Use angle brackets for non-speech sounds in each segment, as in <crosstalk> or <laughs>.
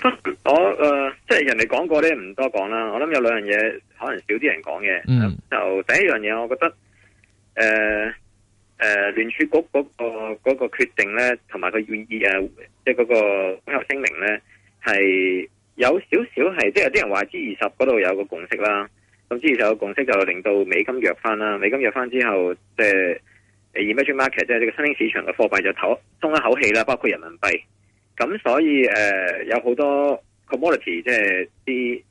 不， <noise> 我誒、呃，即係人哋講過咧，唔多講啦。我諗有兩樣嘢，可能少啲人講嘅。嗯，就第一樣嘢，我覺得誒誒，聯、呃、儲、呃、局嗰、那個決、那個決定咧，同埋、就是、個意誒，即係嗰個公告聲明咧，係有少少係，即係有啲人話之二十嗰度有個共識啦。咁之二十個共識就令到美金弱翻啦，美金弱翻之後，即係 emerging market，即係呢個新興市場嘅貨幣就透鬆一口氣啦，包括人民幣。咁所以誒、呃、有好多 commodity 即係啲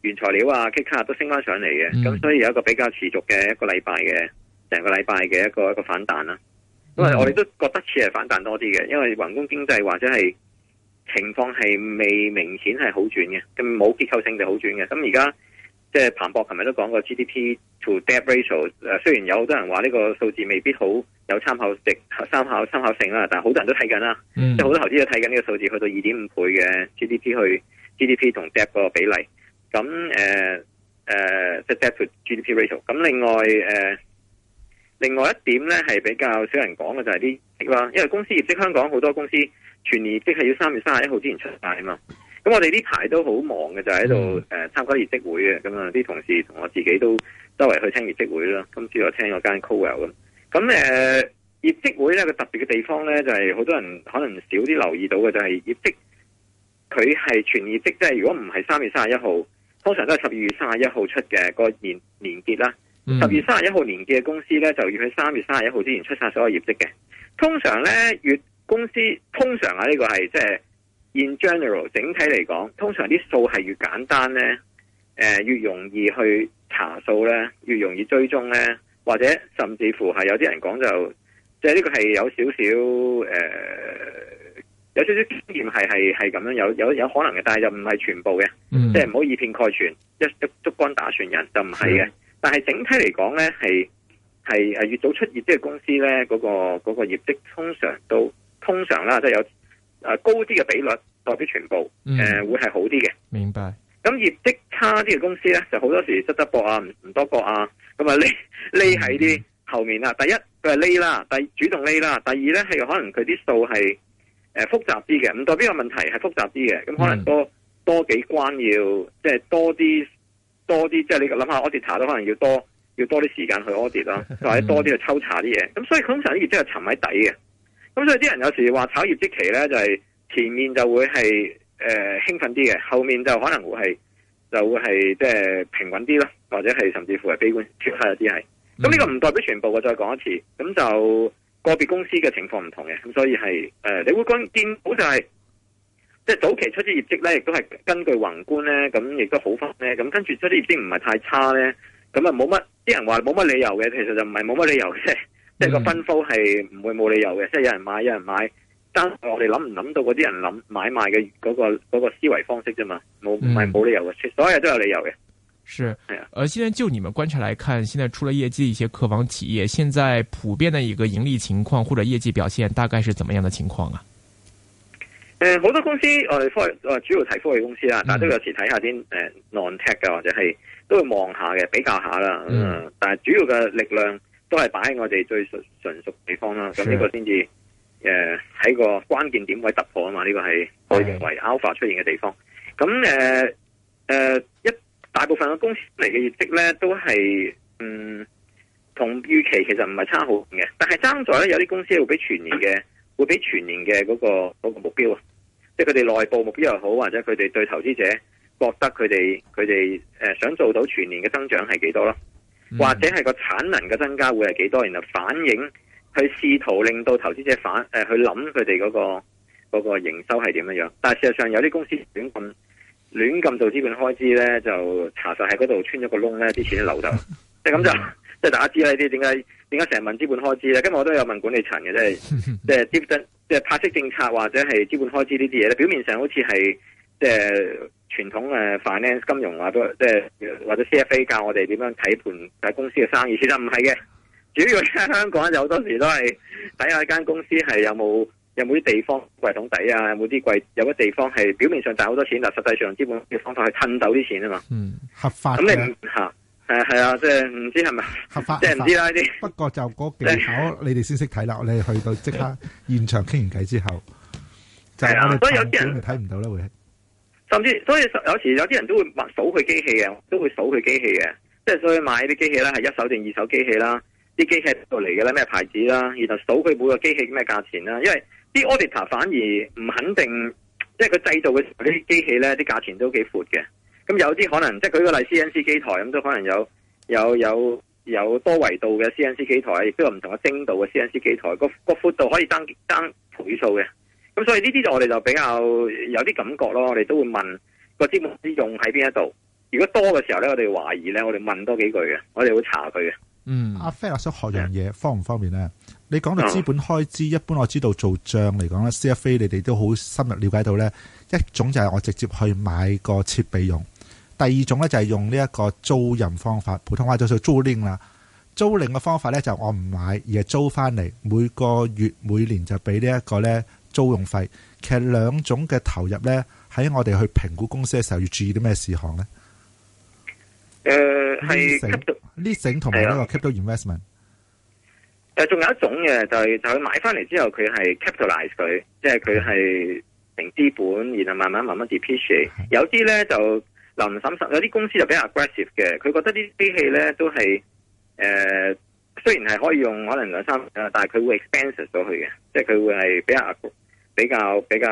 原材料啊，K 卡都升翻上嚟嘅。咁、嗯、所以有一個比較持續嘅一個禮拜嘅成個禮拜嘅一個一個反彈啦、嗯。因為我哋都覺得似係反彈多啲嘅，因為宏觀經濟或者係情況係未明顯係好轉嘅，咁冇結構性嘅好轉嘅。咁而家。即係彭博琴日都講過 GDP to debt ratio，誒、呃、雖然有好多人話呢個數字未必好有參考值、參考參考性啦，但係好多人都睇緊啦，mm. 即係好多投資都睇緊呢個數字去到二點五倍嘅 GDP 去 GDP 同 debt 個比例，咁誒誒即係 debt to GDP ratio。咁另外誒、呃，另外一點咧係比較少人講嘅就係、是、啲，因為公司業績香港好多公司全年業績係要三月三十一號之前出晒啊嘛。咁我哋呢排都好忙嘅，就喺度誒參加業績會嘅。咁、嗯、啊，啲同事同我自己都周圍去聽業績會啦。今朝又聽嗰間 Cowell 咁。咁誒、呃，業績會咧個特別嘅地方咧，就係、是、好多人可能少啲留意到嘅，就係、是、業績佢係全業績。即係如果唔係三月三十一號，通常都係十二月三十一號出嘅、那個年年結啦。十二、嗯、月三十一號年結嘅公司咧，就要喺三月三十一號之前出晒所有業績嘅。通常咧，月公司通常啊，呢、這個係即係。就是 In general，整體嚟講，通常啲數係越簡單咧，誒、呃、越容易去查數咧，越容易追蹤咧，或者甚至乎係有啲人講就，即係呢個係有少少誒、呃，有少少經驗係係係咁樣，有有有可能嘅，但係就唔係全部嘅，mm -hmm. 即係唔好以偏概全，一一竹篙打船人就唔係嘅。Mm -hmm. 但係整體嚟講咧，係係係越早出業啲公司咧，嗰、那個嗰、那個業績通常都通常啦，即、就、係、是、有。誒，高啲嘅比率代表全部，誒、嗯呃、會係好啲嘅。明白。咁業績差啲嘅公司咧，就好多時失得博啊，唔唔多博啊。咁啊，匿匿喺啲後面啦、嗯、第一佢係匿啦，第主動匿啦。第二咧係可能佢啲數係誒複雜啲嘅，唔代表個問題係複雜啲嘅。咁、嗯、可能多多幾關要即係多啲多啲，即係你諗下，audit 都可能要多要多啲時間去 audit 啦，或者多啲去抽查啲嘢。咁、嗯、所以通常啲業績係沉喺底嘅。咁所以啲人有時話炒業績期咧，就係、是、前面就會係誒、呃、興奮啲嘅，後面就可能會係就會係即係平穩啲咯，或者係甚至乎係悲觀脱開一啲係。咁呢個唔代表全部嘅，我再講一次，咁就個別公司嘅情況唔同嘅，咁所以係誒、呃，你會見好似就係即係早期出啲業績咧，亦都係根據宏觀咧，咁亦都好翻咧，咁跟住出啲業績唔係太差咧，咁啊冇乜啲人話冇乜理由嘅，其實就唔係冇乜理由嘅。即係個分數係唔會冇理由嘅。嗯，即係有人買，有人買，但我哋諗唔諗到嗰啲人諗買賣嘅嗰、那個嗰、那個思維方式啫嘛，冇，唔係冇理由嘅，所有嘢都有理由嘅。是係啊，而、呃、現在就你們觀察來看，現在出了業績嘅一些客房企業，現在普遍嘅一個盈利情況或者業績表現，大概是怎麼樣嘅情況啊？誒、呃，好多公司，誒、呃、科主要提科技公司啦，但都有時睇下啲誒 non-tech 嘅或者係都會望下嘅，比較下啦。嗯，但、呃、係主要嘅力量。都係擺喺我哋最純純屬地方啦，咁呢個先至誒喺個關鍵點位突破啊嘛！呢、這個係我認為 Alpha 出現嘅地方。咁誒誒，一大部分嘅公司嚟嘅業績咧，都係嗯同預期其實唔係差好遠嘅，但係爭在咧有啲公司會比全年嘅，會比全年嘅嗰、那個、那個目標啊，即係佢哋內部目標又好，或者佢哋對投資者覺得佢哋佢哋誒想做到全年嘅增長係幾多咯。或者係個產能嘅增加會係幾多，然後反映去試圖令到投資者反誒、呃、去諗佢哋嗰個嗰個營收係點樣樣。但係事實上有啲公司亂咁亂咁做資本開支咧，就查實喺嗰度穿咗個窿咧，啲錢都流走。即係咁就即係大家知啦，呢啲點解點解成日問資本開支咧？今日我都有問管理層嘅，即係即係即係派息政策或者係資本開支呢啲嘢咧，表面上好似係。即係傳統誒，finance 金融話都即係或者 C F A 教我哋點樣睇盤大公司嘅生意，其實唔係嘅。主要香港有好多時都係睇下間公司係有冇有冇啲地方櫃桶底啊，有冇啲櫃有啲地方係表面上賺好多錢，但實際上基本嘅方法係吞走啲錢啊嘛。嗯，合法咁你唔吓係係啊，即係唔知係咪合法？即係唔知啦呢啲。不過就嗰技巧你哋先識睇啦，我哋去到即刻現場傾完偈之後，就係有啲人睇唔到啦，會。甚至所以有時有啲人都會數佢機器嘅，都會數佢機器嘅，即係所以買啲機器咧係一手定二手機器啦，啲機器度嚟嘅咧咩牌子啦，然後數佢每個機器咩價錢啦，因為啲 auditor 反而唔肯定，即係佢製造嘅時候啲機器咧啲價錢都幾闊嘅，咁有啲可能即係舉個例 CNC 機台咁都可能有有有有多維度嘅 CNC 機台亦都有唔同嘅精度嘅 CNC 機台，個個闊度可以爭爭倍數嘅。咁、嗯、所以呢啲就我哋就比較有啲感覺咯。我哋都會問個資本用喺邊一度。如果多嘅時候咧，我哋懷疑咧，我哋問多幾句嘅，我哋會查佢嘅。嗯，阿飛我想學樣嘢、嗯、方唔方便咧？你講到資本開支、嗯，一般我知道做賬嚟講咧，CFA 你哋都好深入了解到咧。一種就係我直接去買個設備用，第二種咧就係用呢一個租賃方法，普通話就做租賃啦。租賃嘅方法咧就我唔買而係租翻嚟，每個月每年就俾呢一個咧，租用費，其實兩種嘅投入咧，喺我哋去評估公司嘅時候要注意啲咩事項咧？誒、呃，係 leasing 同埋呢個 capital investment。誒，仲有一種嘅就係、是、就佢、是、買翻嚟之後佢係 capitalise 佢，即係佢係成資本，然後慢慢慢慢 depreciate。有啲咧就林沈沈，有啲公司就比較 aggressive 嘅，佢覺得呢啲機器咧都係誒、呃，雖然係可以用可能兩三誒，但係佢會 expense 咗佢嘅，即係佢會係比較。比較比較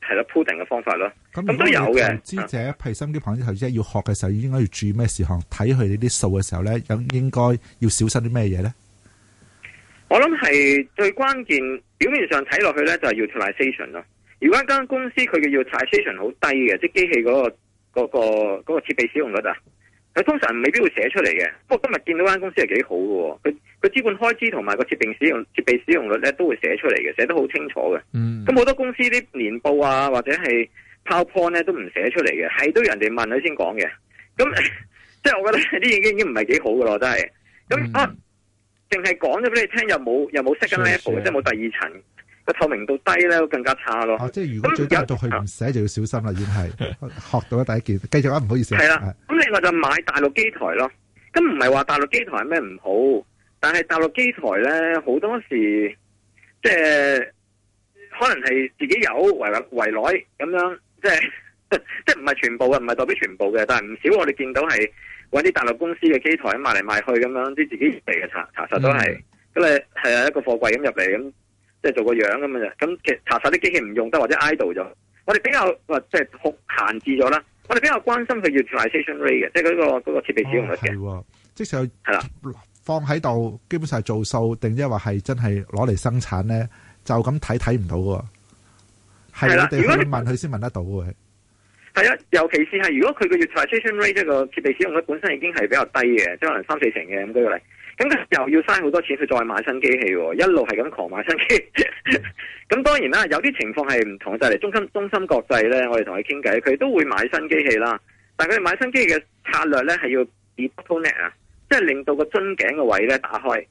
係咯，鋪定嘅方法咯。咁咁都有嘅。如的心投資者，譬如身邊啲投資者要學嘅時候，應該要注意咩事項？睇佢哋啲數嘅時候咧，咁應該要小心啲咩嘢咧？我諗係最關鍵，表面上睇落去咧，就係、是、要 utilization 啦。如果一間公司佢嘅要 utilization 好低嘅，即係機器嗰個嗰個嗰個設備使用率啊。佢通常未必會寫出嚟嘅，不過今日見到間公司係幾好嘅，佢佢資本開支同埋個設定使用設備使用率咧都會寫出嚟嘅，寫得好清楚嘅。咁、嗯、好多公司啲年報啊或者係 PowerPoint 咧都唔寫出嚟嘅，係都要人哋問佢先講嘅。咁、嗯嗯、即係我覺得呢啲已經已經唔係幾好噶咯，真係。咁啊，淨係講咗俾你聽又冇又冇 set 個 level，即係冇第二層個透明度低咧更加差咯。啊、即係如果再加到去唔寫就要小心啦、嗯，已經係 <laughs> 學到咗第一件。繼續啊，唔好意思。係啦。即係我就買大陸機台咯，咁唔係話大陸機台係咩唔好，但係大陸機台咧好多時候，即係可能係自己有圍圍內咁樣，即係即係唔係全部嘅，唔係代表全部嘅，但係唔少我哋見到係搵啲大陸公司嘅機台賣嚟賣去咁樣，啲自己地嘅查查實都係，咁你係一個貨櫃咁入嚟咁，即係做個樣咁啊，咁其實查實啲機器唔用得或者 idle 咗，我哋比較即係好閒置咗啦。我哋比較關心佢 utilization rate 嘅，即係嗰個嗰、那個設備使用率，哦是。即使係啦，放喺度基本上係做數定即係話係真係攞嚟生產咧，就咁睇睇唔到喎。係你哋去問佢先問得到嘅。係啊，尤其是係如果佢嘅 utilization rate 即係個設備使用率本身已經係比較低嘅，即、就是、可能三四成嘅咁嗰個嚟。等等咁又要嘥好多錢去再買新機器，哦，一路係咁狂買新機。咁 <laughs> 當然啦，有啲情況係唔同，就嚟，是、中心中心國際咧，我哋同佢傾偈，佢都會買新機器啦。但係佢哋買新機器嘅策略咧，係要 department 啊，即係令到個樽頸嘅位咧打開。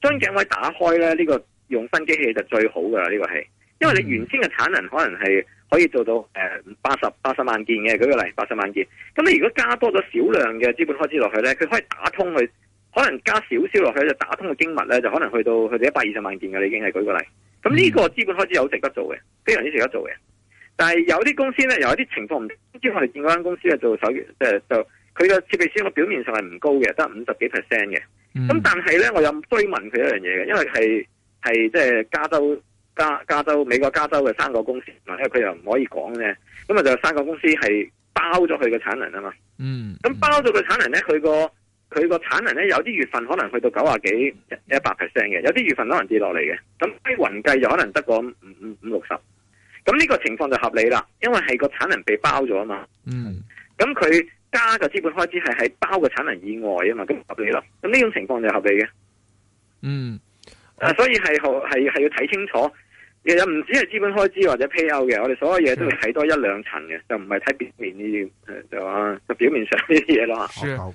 樽頸位打開咧，呢，這個用新機器就最好噶啦，呢，這個係，因為你原先嘅產能可能係可以做到誒八十八十萬件嘅，舉個例八十萬件。咁你如果加多咗少量嘅資本開支落去咧，佢可以打通佢。可能加少少落去就打通個經脈咧，就可能去到佢哋一百二十萬件嘅，你已經係舉個例。咁呢個資本開支有值得做嘅，非常之值得做嘅。但係有啲公司咧，有一啲情況唔知道我哋見嗰間公司咧做手，即係就佢個設備師，佢表面上係唔高嘅，得五十幾 percent 嘅。咁、嗯、但係咧，我又追問佢一樣嘢嘅，因為係係即係加州加加州美國加州嘅三個公司，因為佢又唔可以講咧，咁啊就三個公司係包咗佢個產能啊嘛。嗯，咁、嗯、包咗佢產能咧，佢個。佢個產能咧，有啲月份可能去到九十幾一百 percent 嘅，有啲月份可能跌落嚟嘅。咁呢云計就可能得個五五五六十。咁呢個情況就合理啦，因為係個產能被包咗啊嘛。嗯。咁佢加嘅資本開支係喺包嘅產能以外啊嘛，咁合理咯。咁呢種情況就合理嘅。嗯。啊，所以係好係係要睇清楚，又有唔止係資本開支或者 P L 嘅，我哋所有嘢都要睇多一兩層嘅，就唔係睇表面呢啲，就話、啊、就表面上呢啲嘢咯。Sure.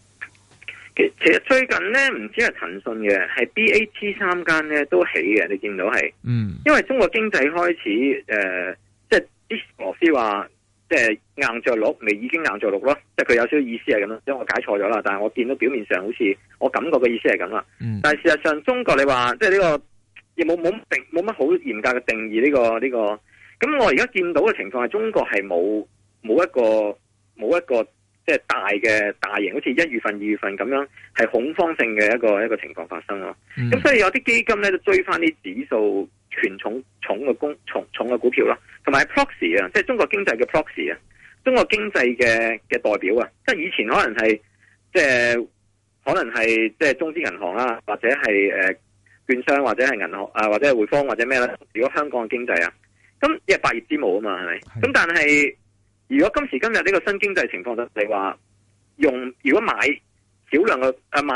其實最近呢，唔止係騰訊嘅，係 B A T 三間呢都起嘅。你見到係，嗯，因為中國經濟開始誒，即係羅斯話，即係硬着陸未已經硬着陸咯，即係佢有少少意思係咁咯。因為我解錯咗啦，但係我見到表面上好似我感覺嘅意思係咁啦。嗯，但係事實上中國你話即係呢個，亦冇冇冇乜好嚴格嘅定義呢個呢個。咁我而家見到嘅情況係中國係冇冇一個冇一個。冇一個即係大嘅大型，好似一月份、二月份咁樣，係恐慌性嘅一個一個情況發生啊嘛。咁、嗯、所以有啲基金咧就追翻啲指數權重重嘅公重重嘅股票咯，同埋 proxy 啊，即係中國經濟嘅 proxy 啊，中國經濟嘅嘅代表啊，即係以前可能係即係可能係即係中資銀行啊，或者係誒、呃、券商，或者係銀行啊，或者係匯豐或者咩啦。如果香港嘅經濟啊，咁因為百業之母啊嘛，係咪？咁但係。如果今時今日呢個新經濟情況，就你話用，如果買少量嘅啊，買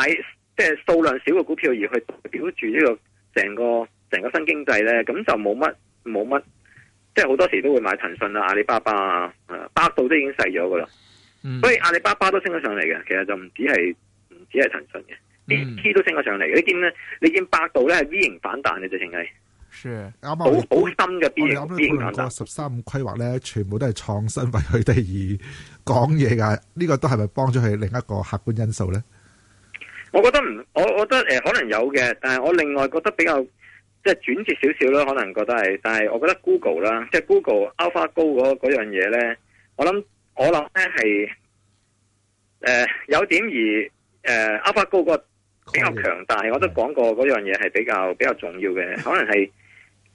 即係數量少嘅股票而去表住呢個成個成個新經濟咧，咁就冇乜冇乜，即係好多時都會買騰訊啊、阿里巴巴啊、啊百度都已經細咗噶啦，所以阿里巴巴都升咗上嚟嘅，其實就唔止係唔只係騰訊嘅，連 T 都升咗上嚟嘅。你見咧，你見百度咧係 V 型反彈嘅即係點啱啱好好深嘅邊邊講十三五規劃咧，全部都係創新為，為佢哋而講嘢噶。呢個都係咪幫咗佢另一個客觀因素咧？我覺得唔，我我覺得誒，可能有嘅。但係我另外覺得比較即係轉折少少啦，可能覺得係。但係我覺得 Google 啦，即係 Google Alpha Go 嗰樣嘢咧，我諗我諗咧係誒有點而誒、啊、Alpha Go 嗰個比較強大。講我都講過嗰樣嘢係比較比較重要嘅，可能係。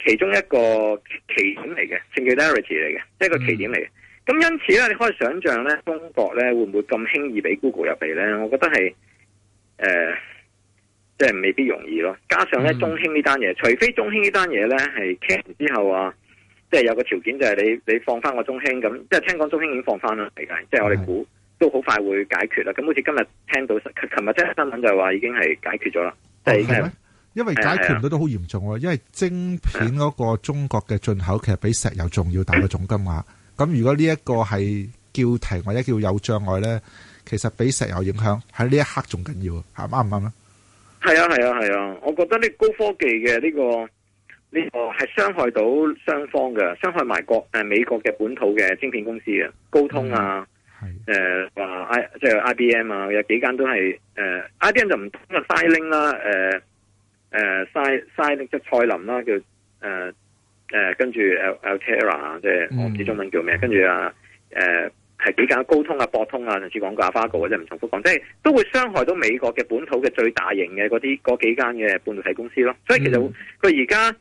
其中一個奇點嚟嘅，稱叫 singularity 嚟嘅，即係個奇點嚟嘅。咁因此咧，你可以想象咧，中國咧會唔會咁輕易俾 Google 入嚟咧？我覺得係誒，即、呃、係、就是、未必容易咯。加上咧、嗯，中興呢單嘢，除非中興這呢單嘢咧係傾完之後啊，即、就、係、是、有個條件就係你你放翻個中興咁，即係、就是、聽講中興已經放翻啦，係咪？即、就、係、是、我哋估都好快會解決啦。咁好似今日聽到，琴日即係新聞就係話已經係解決咗啦，係、哦、已因為解決唔到都好嚴重喎，因為晶片嗰個中國嘅進口其實比石油仲要大嘅總金額。咁如果呢一個係叫停或者叫有障礙咧，其實比石油影響喺呢一刻仲緊要嚇，啱唔啱咧？係啊係啊係啊！我覺得呢高科技嘅呢個呢個係傷害到雙方嘅，傷害埋國誒美國嘅本土嘅晶片公司嘅高通啊，誒話 I 即係 IBM 啊，有幾間都係誒 IBM 就唔通嘅 scaling 啦誒。誒、呃，賽賽即係蔡林啦，叫誒誒、呃呃，跟住 Al Altera 即係我唔知中文叫咩，嗯，跟住啊誒，係幾間高通啊、博通啊，上次講過阿花哥，或者唔重複講，即係都會傷害到美國嘅本土嘅最大型嘅嗰啲嗰幾間嘅半導體公司咯。所以其實佢而家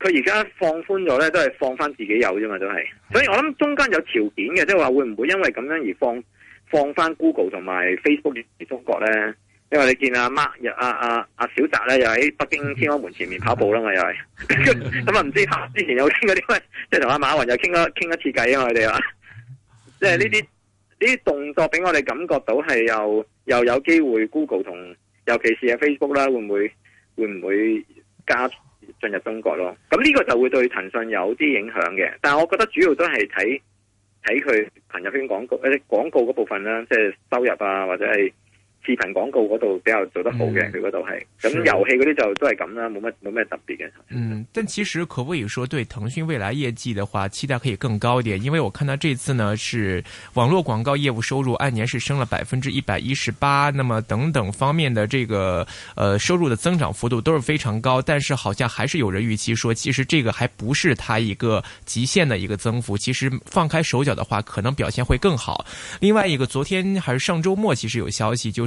佢而家放寬咗咧，都係放翻自己有啫嘛，都係。所以我諗中間有條件嘅，即係話會唔會因為咁樣而放放翻 Google 同埋 Facebook 嘅中國咧？因為你見阿 mark 阿啊阿、啊啊啊、小澤咧又喺北京天安門前面跑步啦嘛，又係咁 <laughs> 啊！唔知之前有傾過啲咩，即係同阿馬雲又傾個傾一次偈啊，佢哋話，即係呢啲呢啲動作俾我哋感覺到係又又有機會，Google 同尤其是啊 Facebook 啦，會唔會會唔會加進入中國咯？咁呢個就會對騰訊有啲影響嘅。但係我覺得主要都係睇睇佢朋友圈廣告啲廣告嗰部分啦，即係收入啊，或者係。視頻廣告嗰度比較做得好嘅，佢嗰度係咁遊戲嗰啲就都係咁啦，冇乜冇乜特別嘅。嗯，但其實可唔可以說對騰訊未來業績的話，期待可以更高一點？因為我看到這次呢，是網絡廣告業務收入按年是升了百分之一百一十八，那麼等等方面的這個，呃，收入的增長幅度都是非常高，但是好像還是有人預期說，其實這個還不是它一個極限的一個增幅，其實放開手腳的話，可能表現會更好。另外一個，昨天還是上周末，其實有消息就。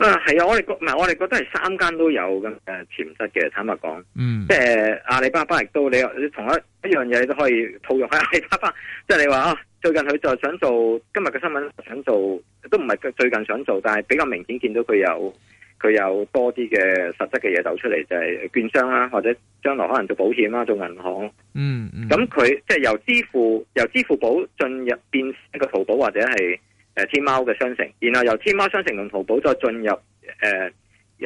啊，係啊！我哋覺唔係，我哋覺得係三間都有咁誒，潛質嘅。坦白講，嗯，即係阿里巴巴亦都你，你同一一樣嘢你都可以套用喺阿里巴巴。即係你話啊，最近佢就想做，今日嘅新聞想做，都唔係最近想做，但係比較明顯見到佢有佢有多啲嘅實質嘅嘢走出嚟，就係、是、券商啦，或者將來可能做保險啦，做銀行。嗯，咁、嗯、佢即係由支付，由支付寶進入變一個淘寶或者係。誒、呃，天貓嘅商城，然後由天貓商城同淘寶再進入誒誒、呃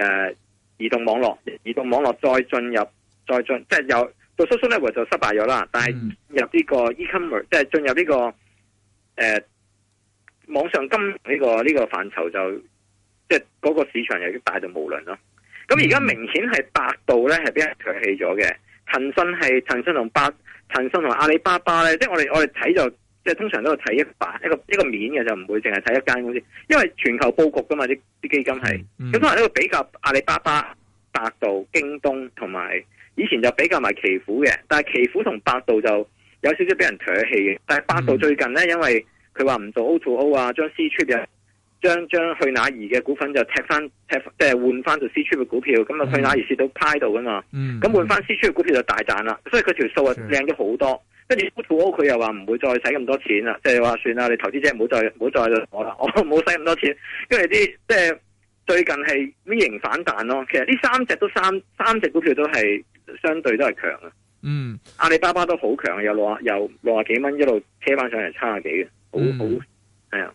呃、移動網絡，移動網絡再進入再進即係有到 social network 就失敗咗啦，但係入呢個 e commerce 即係進入呢、這個誒、呃、網上金呢、這個呢、這個範疇就即係嗰個市場又大到無倫咯。咁而家明顯係百度咧係俾人強棄咗嘅，騰訊係騰訊同百騰訊同阿里巴巴咧，即係我哋我哋睇就。即係通常都係睇一版，一個一個面嘅就唔會淨係睇一間公司，因為全球佈局噶嘛，啲啲基金係。咁可能一個比較阿里巴巴、百度、京東，同埋以前就比較埋奇虎嘅。但係奇虎同百度就有少少俾人唾氣嘅。但係百度最近咧、嗯，因為佢話唔做 O to O 啊，將 C 出嘅，將將去哪兒嘅股份就踢翻踢，即係換翻做 C 出嘅股票。咁、嗯、啊去哪兒二到派度啊嘛，咁、嗯、換翻 C 出嘅股票就大賺啦，所以佢條數啊靚咗好多。嗯嗯嗯跟住吐 O 佢又話唔會再使咁多錢啦，即係話算啦，你投資者唔好再唔好再咗啦，我冇使咁多錢。跟住啲即係最近係 V 型反彈咯，其實呢三隻都三三隻股票都係相對都係強啊。嗯，阿里巴巴都好強，有六啊有六啊幾蚊一路車翻上嚟七啊幾嘅，好好係啊。嗯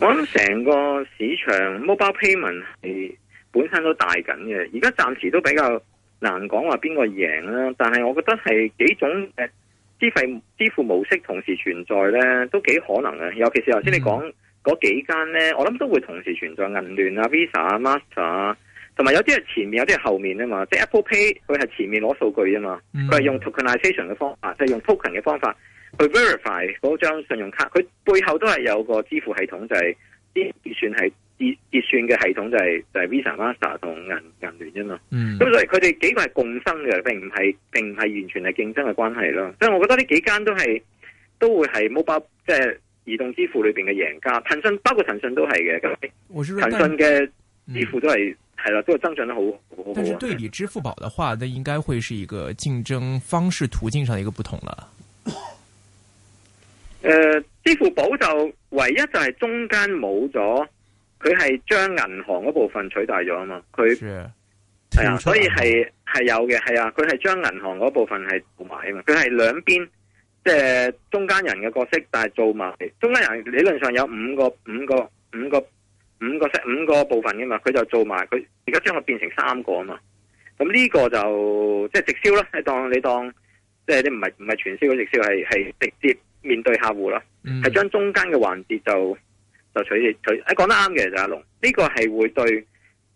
我諗成個市場 mobile payment 係本身都大緊嘅，而家暫時都比較難講話邊個贏啦。但係我覺得係幾種誒支付支付模式同時存在咧，都幾可能嘅。尤其是頭先你講嗰幾間咧，我諗都會同時存在銀聯啊、Visa 啊、Master 啊，同埋有啲係前面，有啲係後面啊嘛。即係 Apple Pay 佢係前面攞數據啊嘛，佢係用 tokenization 嘅方法，即係用 token 嘅方法。去 verify 嗰張信用卡，佢背後都係有個支付系統，就係、是、啲結算係結結算嘅系統就是 Visa, Master, 和，就係就係 Visa、Master 同銀銀聯啫嘛。嗯，咁所以佢哋幾個係共生嘅，並唔係，並唔係完全係競爭嘅關係咯。所以我覺得呢幾間都係都會係 mobile 即係、就是、移動支付裏邊嘅贏家。騰訊包括騰訊都係嘅，咁騰訊嘅支付都係係啦，都係增長得好好。但是對比支付寶嘅話，那應該會是一個競爭方式途徑上嘅一個不同啦。誒、呃，支付寶就唯一就係中間冇咗，佢係將銀行嗰部分取代咗啊嘛。佢係、yeah. 啊，所以係係有嘅，係啊，佢係將銀行嗰部分係做埋啊嘛。佢係兩邊即係中間人嘅角色，但係做埋中間人理論上有五個五個五個五個即五個部分嘅嘛。佢就做埋佢而家將佢變成三個啊嘛。咁呢個就即係、就是、直銷啦，你當你當即係、就是、你唔係唔係傳銷嘅直銷，係係直接。面對客戶啦，係將中間嘅環節就就取締取，誒講得啱嘅就阿龍，呢個係會對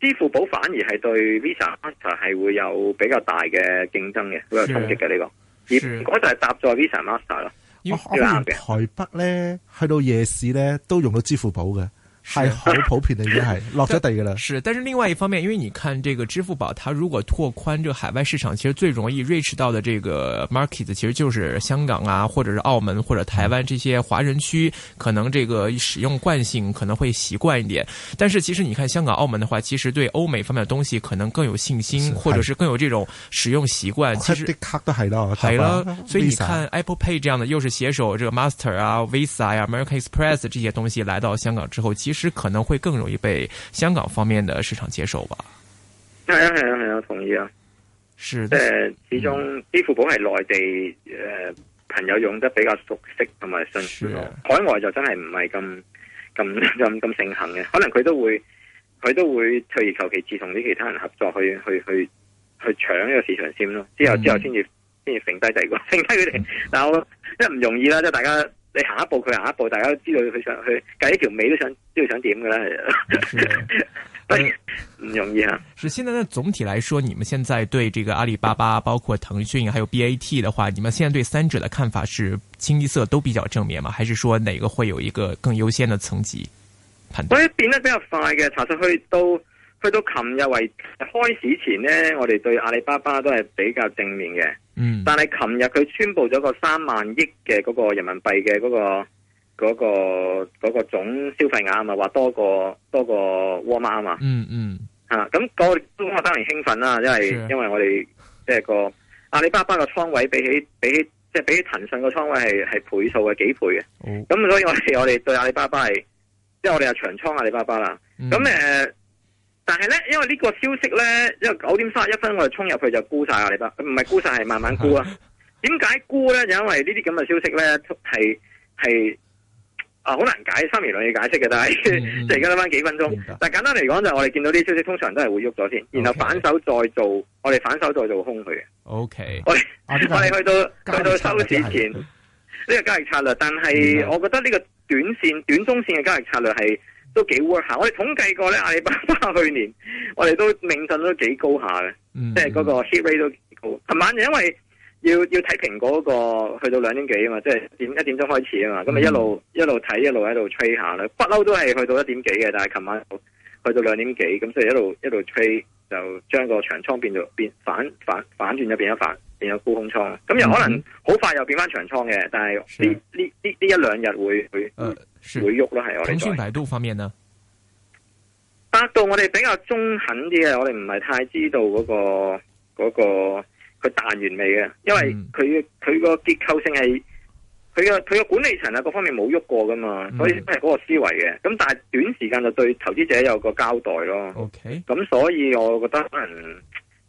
支付寶反而係對 Visa Master 係會有比較大嘅競爭嘅，會有衝擊嘅呢個，而我就係搭咗 Visa Master 咯，啱嘅。台北咧，去到夜市咧，都用到支付寶嘅。係好普遍已經係落咗地嘅啦。是，但是另外一方面，因為你看這個支付寶，它如果拓寬這個海外市場，其實最容易 reach 到的這個 market，其實就是香港啊，或者是澳門或者台灣這些華人區，可能這個使用慣性可能會習慣一點。但是其實你看香港澳門的話，其實對歐美方面的東西可能更有信心，或者是更有這種使用習慣。是其實啲卡都係咯，係咯，所以你看 Apple Pay 這樣的，又是攜手這個 Master 啊、Visa 啊 American Express 這些東西來到香港之後，其其實可能會更容易被香港方面的市場接受吧？係啊，係啊，係啊，同意啊。是誒，始終支付寶係內地誒朋友用得比較熟悉同埋信任。海外就真係唔係咁咁咁咁盛行嘅，可能佢都會佢都會退而求其次，同啲其他人合作去去去去搶呢個市場先咯。之後之後先至先剩低第二個，剩低佢哋，嗯。但係我即係唔容易啦，即係大家。你下一步佢下一步，大家都知道佢想去，計一條尾都想，知道想點㗎啦，係啊，唔、 <laughs> 嗯、容易啊。是現在，呢，總體來說，你們現在對這個阿里巴巴、包括騰訊還有 B A T 的話，你們現在對三者的看法是清一色都比較正面嘛？還是說哪個會有一個更優先的層級判斷？所以變得比較快嘅，查出去都。去到琴日為開市前咧，我哋對阿里巴巴都係比較正面嘅。嗯，但係琴日佢宣布咗個三萬億嘅嗰個人民幣嘅嗰個、嗰個、嗰個嗰個總消費額，嘛，話多過多過沃爾瑪啊嘛？嗯嗯，吓、啊、咁、嗰個、我當然興奮啦，因為我哋因為我哋即係個阿里巴巴個倉位比起比即係比起騰訊個倉位係係倍數嘅幾倍嘅。咁、哦、所以我哋我哋對阿里巴巴係即係我哋係長倉阿里巴巴啦。咁、嗯、誒。但係咧，因為呢個消息咧，因為九點卅一分我哋沖入去就沽晒喇，你睇，唔係沽晒係慢慢沽， <laughs> 沽啊。點解沽咧？就因為呢啲咁嘅消息咧，係係啊，好難解，三言兩語解釋嘅。但係就而家得翻幾分鐘、嗯。但係簡單嚟講，就係我哋見到啲消息，通常都係會喐咗先，然後反手再做，okay. 我哋反，反手再做空佢嘅。O、okay. K， <laughs> 我我哋去到去到收市前呢、這個交易策略，但係我覺得呢個短線、嗯、短中線嘅交易策略係。都幾 work 下，我哋統計過咧，阿里巴巴去年我哋都命中都幾高下嘅、嗯，即係嗰個 hit rate 都幾高。琴晚就因為要要睇蘋果嗰、嗰個，去到兩點幾啊嘛，即係點一點鐘開始啊嘛，咁、嗯、啊一,一,一路一路睇一,一路喺度吹下咧，不嬲都係去到一點幾嘅，但係琴晚去到兩點幾，咁所以一路一路吹，就將個長倉變做變反反反轉咗變咗反，反反變咗沽空倉，咁、嗯、又可能好快又變翻長倉嘅，但係呢呢呢呢一兩日會會嗯。呃會喐咯，係我哋，騰訊、百度方面呢？百度我哋比較中肯啲嘅，我哋唔係太知道嗰個、嗰個佢彈完未嘅，因為佢佢個結構性係佢個佢個管理層啊，各方面冇喐過噶嘛、嗯，所以係嗰個思維嘅。咁但係短時間就對投資者有個交代咯。OK，咁所以我覺得可能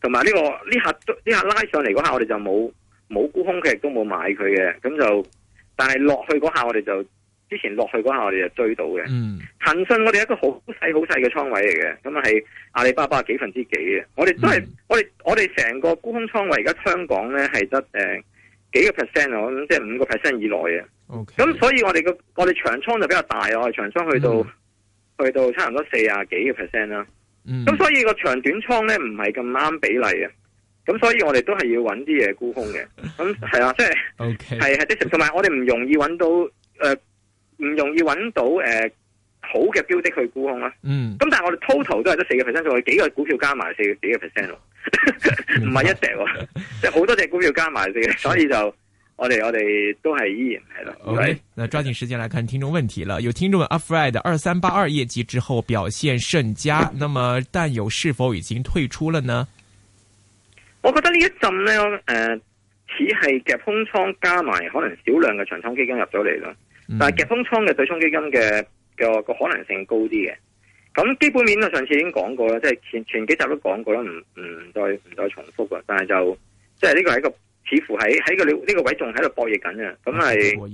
同埋呢個呢下呢下拉上嚟嗰下，我哋就冇冇沽空佢亦都冇買佢嘅，咁就但係落去嗰下，我哋就。之前落去嗰下我哋就追到嘅，嗯、騰訊，我哋一個好細好細嘅倉位嚟嘅，咁啊係阿里巴巴幾分之幾嘅，我哋都係、嗯，我哋我哋成個沽空倉位而家香港咧係得誒、呃、幾個 percent 咯，即係五個 percent 以內嘅。咁、okay. 所以我哋個，我哋長倉就比較大，我哋長倉去到、嗯、去到差唔多四啊幾個 percent 啦。咁、嗯、所以個長短倉咧唔係咁啱比例嘅，咁所以我哋都係要揾啲嘢沽空嘅。咁 <laughs> 係啊，即係係係同埋我哋唔容易揾到誒。呃唔容易揾到誒、呃、好嘅標的去沽空啦、啊。嗯。咁但係我哋 total 都係得四個 percent 數，幾個股票加埋四幾個 percent 咯，唔係、嗯、 <laughs> 一隻、啊，即係好多隻股票加埋嘅，所以就我哋我哋都係依然係咯。OK，、嗯、那抓緊時間嚟看聽眾問題啦。 <laughs> 有聽眾問阿 Fred 二三八二業績之後表現甚佳，那麼淡友是否已經退出了呢？我覺得這一陣呢一種咧、誒、呃、似係夾空倉加埋，可能少量嘅長倉基金入咗嚟咯。嗯、但係夾風倉嘅對沖基金嘅個個可能性高啲嘅，咁基本面我上次已經講過啦，即、就、係、是、前前幾集都講過啦，唔唔再唔再重複啦。但係就即係呢個係一個似乎喺喺、這個呢、呢個位仲喺度博弈緊嘅，咁、嗯、係，係啊、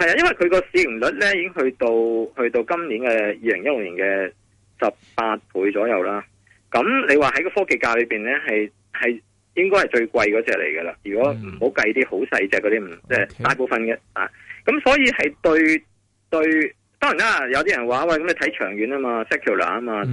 就是，嗯、因為佢個市盈率咧已經去到去到今年嘅二零一六年嘅十八倍左右啦。咁你話喺個科技界裏邊咧係係應該係最貴嗰隻嚟噶啦。如果唔好計啲好細隻嗰啲，唔即係大部分嘅啊。Okay, 咁所以係對對，當然啦，有啲人話喂，咁你睇長遠啊嘛，secular 啊嘛，睇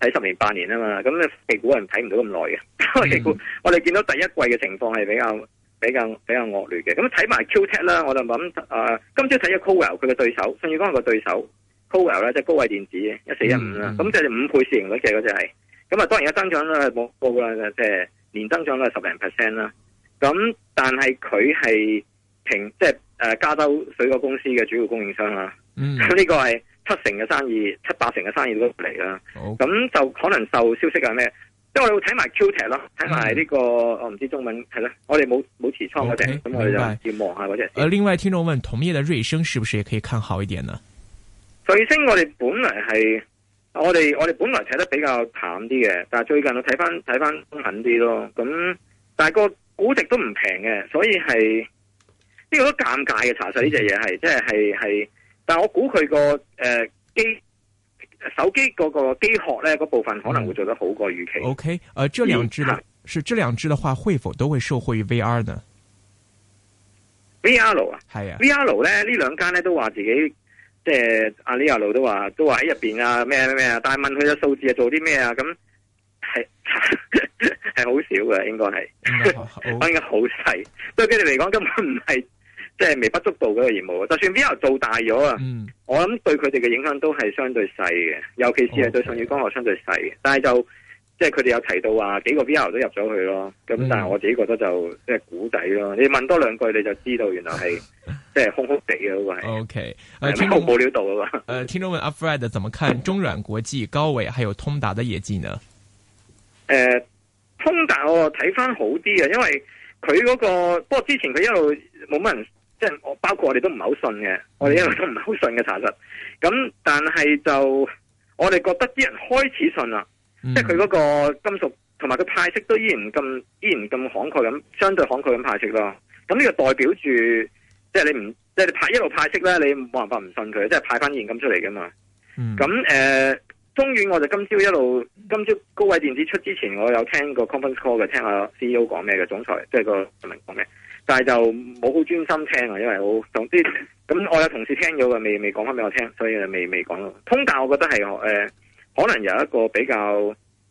睇、嗯、十年八年啊嘛，咁你期股人睇唔到咁耐嘅。期、嗯、股， <laughs> 我哋見到第一季嘅情況係比較比較比較惡劣嘅。咁睇埋 Q Tech 啦，我就諗誒、呃，今朝睇咗 Cowell，佢嘅對手，舜宇光係個對手、嗯、，Cowell 咧即係高偉電子一四一五啦，咁、嗯、即係五倍市盈率嘅嗰隻係。咁啊、就是，當然嘅增長咧係冇高啦，即、就、係、是、年增長都係十零 percent 啦。咁但係佢係。平即係誒，加州水果公司嘅主要供應商啦。咁、嗯、呢、這個係七成嘅生意，七八成嘅生意都嚟啦。咁、哦、就可能受消息啊咩？因為我睇埋 q t e 咯，睇埋呢個我唔知中文係咯。我哋冇冇持倉嗰隻，咁、哦 okay，我就要望下嗰隻。誒，另外聽眾問，同業嘅瑞聲是不是也可以看好一點呢？瑞聲我哋本來係我哋我哋本來睇得比較淡啲嘅，但係最近我睇翻睇翻都狠啲咯。咁但係個估值都唔平嘅，所以係。呢個都尷尬嘅，查實呢隻嘢係即係係係，但係我估佢個誒機手機嗰個機殼咧部分可能會做得好過預期。O K，而這兩支呢，是這兩支的話，會否都會受惠於 V R 呢？V R 路啊，係啊，V R 路咧，呢兩間咧都話自己即係阿 V R 路都話都話喺入邊啊咩咩咩啊，但係問佢嘅數字係做啲咩啊？咁係係好少嘅，應該係，應該好細，對佢哋嚟講根本唔係。即係微不足道嗰個業務，就算 V R 做大咗啊、嗯，我諗對佢哋嘅影響都係相對細嘅，尤其是係對舜宇光學相對細。Okay. 但係就即係佢哋有提到話幾個 V R 都入咗去咯，咁但係我自己覺得就、嗯、即係故仔咯。你問多兩句你就知道，原來係 <laughs> 即係空空地啊嘛。O K，冇料到啊嘛。誒，聽眾問阿 Fred 怎麼看中軟國際、高偉還有通達的業績呢？誒、uh,，通達我睇翻好啲啊，因為佢嗰、嗰個不過之前佢一路冇乜人。即係我包括我哋都唔係好信嘅，我哋一路都唔係好信嘅查實。咁但係就我哋覺得啲人開始信啦，嗯、即係佢嗰個金屬同埋佢派息都依然咁依然咁慷慨咁，相對慷慨咁派息咯。咁呢個代表住即係你唔即係你派一路派息咧，你冇辦法唔信佢，即係派翻現金出嚟噶嘛。咁、嗯、誒、呃、中遠我就今朝一路，今朝高位電子出之前，我有聽過 conference call 嘅，聽下 CEO 講咩嘅，總裁即係、個陳明講咩。但就冇好專心聽啊，因為我總之咁，我有同事聽咗嘅，未未講翻俾我聽，所以就未未講。通達我覺得係誒、呃，可能有一個比較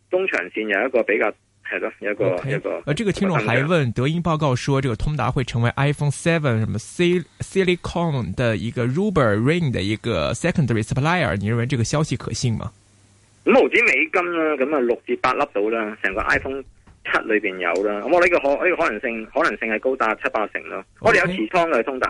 中長線，有一個比較係咯，有一個、okay. 有一個。誒，這個聽眾還問的，德英報告說，這個通達會成為 iPhone Seven 什麼 C, Silicon 的一個 Rubber Ring 的一個 Secondary Supplier，你認為這個消息可信嗎？咁六毫紙美金啦、啊，咁啊六至八粒到啦，成個 iPhone。七裏邊有啦，咁我呢個可呢個可能性，可能性係高達七八成咯，Okay. 我哋有持倉嘅通達。